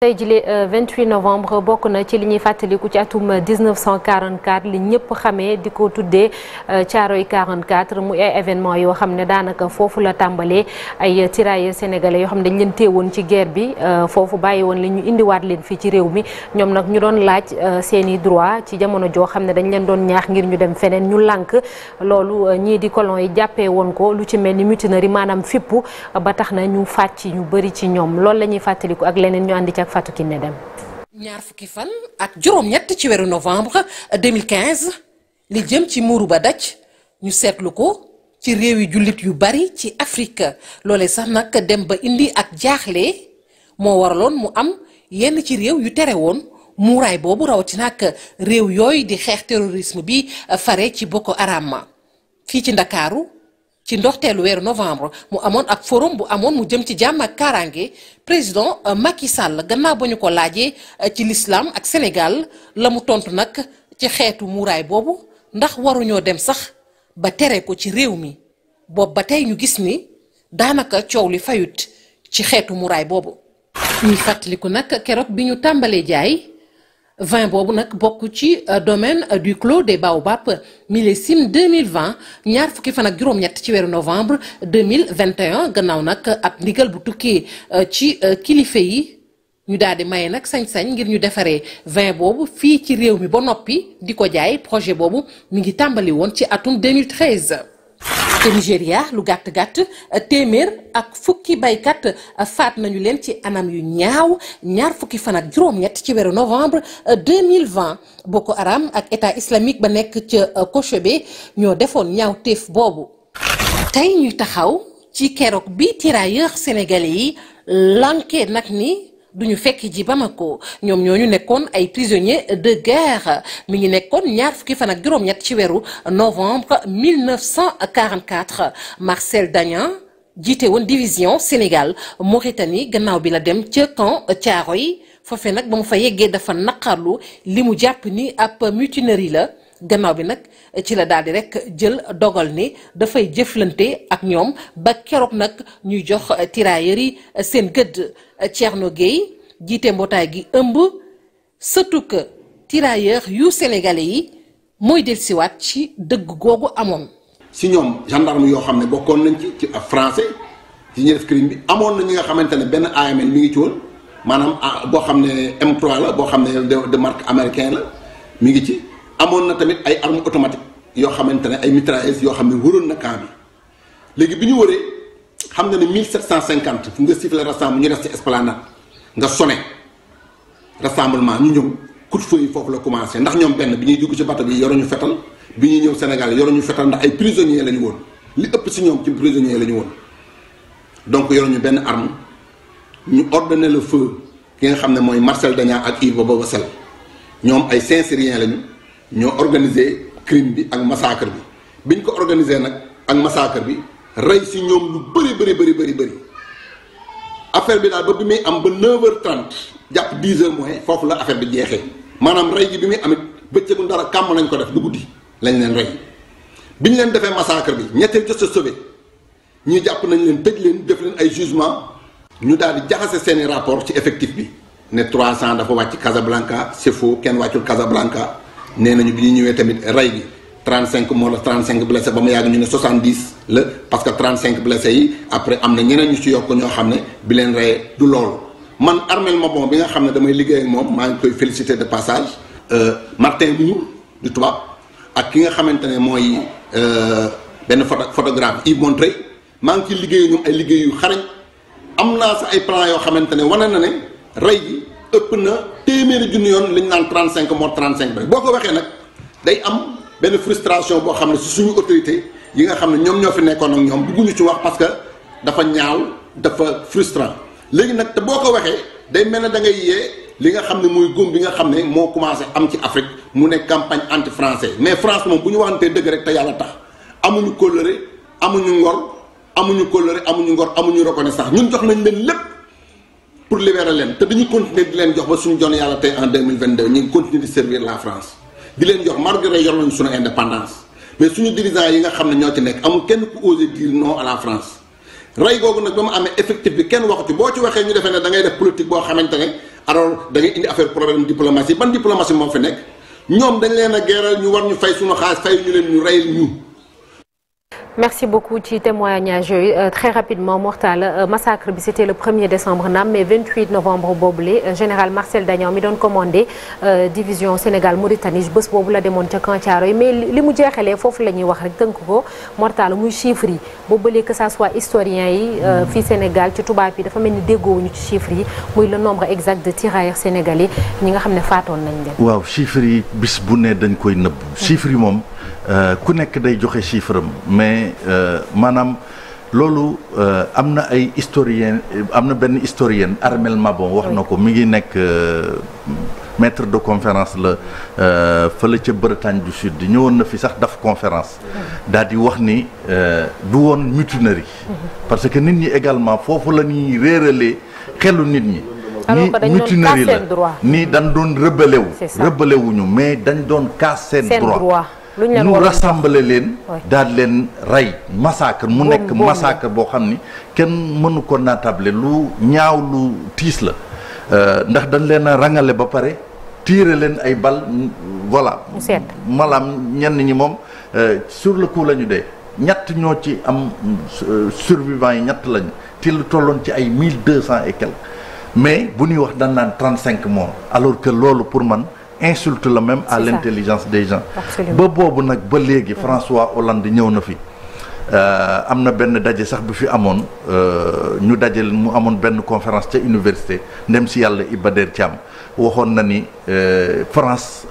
tey jile 28 euh, novembre bokk na ci li ñuy fàttaliku ci atum 1944 li ñëpp xamee di ko tuddee Caaroy euh, 44 muy ay événement yoo xam ne daanaka foofu la tàmbalee ay tirailleurs sénégalais yoo xam ne dañ leen téewoon ci geer bi euh, foofu bàyyi woon li ñu indiwaat leen fii ci réew mi ñoom nag ñu doon laaj seeni droit ci jamono joo xam ne dañ leen doon ñaax ngir ñu dem feneen ñu lànk loolu ñii di colon yi jàppee woon ko lu ci mel ni mutinerie maanaam fippu ba tax na ñu fàcc ñu bëri ci ñoom loolu la ñuy fàttaliku ak leneen ñu àndi ca ak Fatou Kiné ñaar fukki fan ak juróom-ñett ci weeru novembre 2015 li jëm ci muuru ba daj ñu seetlu ko ci réew yi jullit yu bari ci Afrique loole sax nag dem ba indi ak jaaxle moo waraloon mu am yenn ci réew yu tere woon muuraay boobu rawatina ak réew yooyu di xeex terrorisme bi fare ci Boko Haram fii ci Ndakaaru ci ndoxteelu weeru novembre mu amoon ak forum bu amoon mu jëm ci jàmm ak kaaraange président euh, Macky Sall gannaaw ba ñu ko laajee euh, ci lislaam ak Sénégal la mu tontu nag ci xeetu muuraay boobu ndax waruñoo dem sax ba tere ko ci réew mi boobu ba tey ñu gis ni daanaka coow li fayut ci xeetu muuraay boobu. ñuy fàttaliku nag keroog bi ñu tàmbalee jaay. vin boobu nag bokk ci euh, domaine euh, du clos des baobab millésime 2020 ñaar fukki fan ak juróom-ñett ci weeru novembre 2021 gannaaw nag ab ndigal bu tukkee euh, ci kilifa yi ñu daal di maye nag sañ-sañ ngir ñu defaree vin boobu fii ci réew mi ba noppi di ko jaay projet boobu mu ngi tàmbali woon ci atum 2013 ca Nigéria lu gàtt gàtt téeméer ak fukki baykat faat nañu leen ci anam yu ñaaw ñaar fukki fan ak juróom-ñett ci weeru novembre 2020 euh, Boko Haram ak état islamique ba nekk ca euh, Kochebe ñoo defoon ñaaw téef boobu. tey ñuy taxaw ci keroog bi tirailleurs sénégalais yi lanke nag ni. duñu fekk ji Bamako ñoom ñoo ñu nekkoon ay prisonniers de guerre mi ngi nekkoon ñaar fukki fan ak juróom-ñett ci weeru novembre 1944 Marcel Dagnan jiite woon division Sénégal Mauritanie gannaaw bi la dem ca camp yi foofee nag ba mu fa yeggee dafa naqarlu li mu jàpp ni ab mutinerie la. gannaaw bi nag ci la daal di rek jël dogal ni dafay jëflante ak ñoom ba keroog nag ñuy jox tirailleurs yi seen gëdd Thierno Gueye jiite mbootaay gi ëmb surtout que tirailleurs yu sénégalais yi mooy siwaat ci dëgg googu amoon. si ñoom gendarme yoo xam ne bokkoon nañ ci ci français ci ñi def crime bi amoon na ñi nga xamante ne benn AMN mi ngi ci woon maanaam ah, boo xam ne m la boo xam ne de marque américain la mi ngi ci. amoon na tamit ay armes automatiques yoo xamante ne ay mitrailleuses yoo xam ne wëroon na camp bi léegi bi ñu wëree xam nga ne cent cinquante nga siffler rassemblement ñu des ci esplanade nga sone rassemblement ñu ñëw coup de feu yi foofu la commencé ndax ñoom benn bi ñuy dugg ci bato bi yoruñu fetal bi ñuy ñëw Sénégal yoruñu fetal ndax ay prisonniers la ñu woon li ëpp si ñoom ci prisonniers la ñu woon donc ñu benn arm ñu ordonné la feu ki nga xam ne mooy Marcel Dagnan ak Yves Baba Sall ñoom ay Saint-Cyriens lañu. ñoo organisé crime bi ak massacre bi biñ ko organisé nag ak massacre bi rey si ñoom lu bëri bëri bëri bëri bëri affaire bi daal ba bi muy am ba 9h30 jàpp 10h moins foofu la affaire bi jeexee maanaam rey gi bi muy amit bëccëgu dara kàmm nañ ko def bu guddi lañ leen rey bi ñu leen defee massacre bi ñetteel jot sa sauvé ñi jàpp nañ leen tëj leen def leen ay jugement ñu daal di jaxase seeni rapport ci effectif bi ne 300 dafa wàcc Casablanca c'est faux kenn wàccul Casablanca. nee nañu bi ñu ñëwee tamit rey bi cinq moo la 35 blessé ba mu yàgg ñu ne 70 la parce que 35 blessé yi après am na ñeneen ñu ci yokk ñoo xam ne bi leen reyee du loolu man ma Mabon bi nga xam ne damay liggéey moom maa ngi koy félicité de passage euh, Martin Mour du tubaab ak ki nga xamante ne mooy euh, benn photo photographe Yves Montré maa ngi ciy liggéey ñoom ay liggéeyu yu xarañ am naa sa ay plan yoo xamante ne wane na ne rey gi ëpp na téeméeri junni yoon li ñu naan 35 cinq 35 ba boo ko waxee nag day am benn frustration boo xam ne si suñu autorité yi nga xam ne ñoom ñoo fi nekkoon ak ñoom bëgguñu ci wax parce que dafa ñaaw dafa frustrant léegi nag te boo ko waxee day mel ne da ngay yee li nga xam ne muy góom bi nga xam ne moo commencé am ci Afrique mu ne campagne anti français mais France moom bu ñu waxantee dëgg rek te yàlla tax amuñu kóllëre amuñu ngor amuñu kóllëre amuñu ngor amuñu reconnaissance ñun jox nañ leen lépp. pour libérer leen te dañu continuer di leen jox ba suñu jon yàlla tey en 2022 ñu ngi continuer di servir la France di leen jox malgré yor nañu suñu indépendance mais suñu dirigeants yi nga xam ne ñoo ci nekk amul kenn ku osé dire non à la France rey googu nag ba mu amee effectif bi kenn waxtu boo ci waxee ñu defee ne da ngay def politique boo xamante ne alors da ngay indi affaire problème diplomatie ban diplomatie moo fi nekk ñoom dañ leen a geeral ñu war ñu fay suñu ñu leen ñu rey ñu merci beaucoup ci témoignage yooyu euh, très rapidement Mortal euh, massacre bi c'était le 1er décembre naam mais 28 novembre boobule euh, général Marcel Dagnan mi doon commandé division Sénégal Mauritanie bés boobu la demoon ca Camp Thiaroye mais li mu jeexalee foofu la ñuy wax rek tënk ko Mortal muy chiffres yi boobule que ça soit historien yi hmm. fii Sénégal ci tubaab yi dafa mel ni déggoowuñu ci chiffres yi muy le nombre exact de tirailleurs sénégalais ñi nga xam ne faatoon nañ leen waaw chiffres yi bis bu ne dañ koy nëbb hmm. chiffres yi moom Euh, ku nekk day joxe chiffre am mais euh, maanaam loolu euh, am na ay historien am na benn historienne Armel Mabon wax na ko mi ngi nekk maître de conférence la fële ca Bretagne du Sud ñëwoon na fi sax daf conférence dal di wax ni du woon mutinerie parce que nit ñi également foofu la ñuy réeralee xelu nit ñi ni mutinerie la ni dañ doon rébellé wu mais dañ doon kaas seen droit lu ñu rassemble leen daal leen rey massacre mu nekk massacre boo xam ni kenn mënu ko naatable lu ñaaw lu tiis la euh, ndax dañ leen a rangale ba pare tiire leen ay bal voilà malam ñenn ñi moom euh, sur le coup la ñu dee ñett ñoo ci am euh, survivants yi ñett lañu te lu tolloon ci ay mille deux cent et quelques mais bu ñuy wax dañ naan trente cinq morts alors que loolu pour man insulte la même à l'intelligence des gens ba boobu nag ba léegi François Hollande ñëw na fi euh, am na benn daje sax bu fi amoon euh, ñu daje mu amoon benn conférence ca université ndem si yàlla Iba Der Thiam waxoon na ni euh, France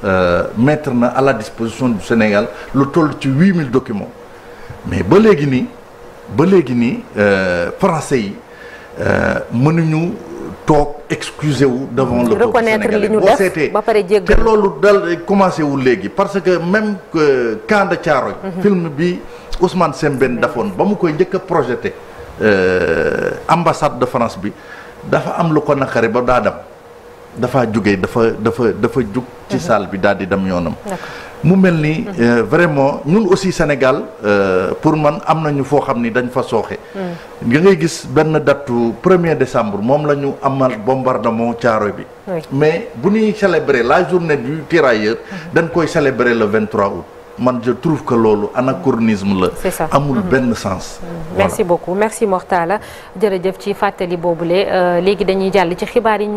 mettre na à la disposition du Sénégal lu toll ci huit mille documents mais ba léegi nii ba léegi nii français yi mënuñu toog excuser wu devant le peuple sénégalais boo seetee te loolu dal commencé wu léegi parce que même que Camp de Thiaroye mhm. film bi Ousmane Sembène dafoon ba mu koy njëkk a euh, ambassade de France bi dafa am lu ko naqari ba daa dem dafa jóge dafa dafa dafa jóg ci mhm. salle bi daal di dem yoonam mu mel ni mhm. euh, vraiment ñun aussi Sénégal euh, pour man am nañu foo xam ni dañ fa sooxe mhm. nga ngay gis benn datu premier décembre moom la ñu amal bombardement Thiaroye bi mais bu ñuy célébrer la journée du tirailleur dañ koy célébrer le 23 août man je trouve que loolu anachronisme la. c'est amul benn sens. merci beaucoup merci Mortala jërëjëf ci fàttali boobule euh, léegi dañuy jàll ci xibaar yi.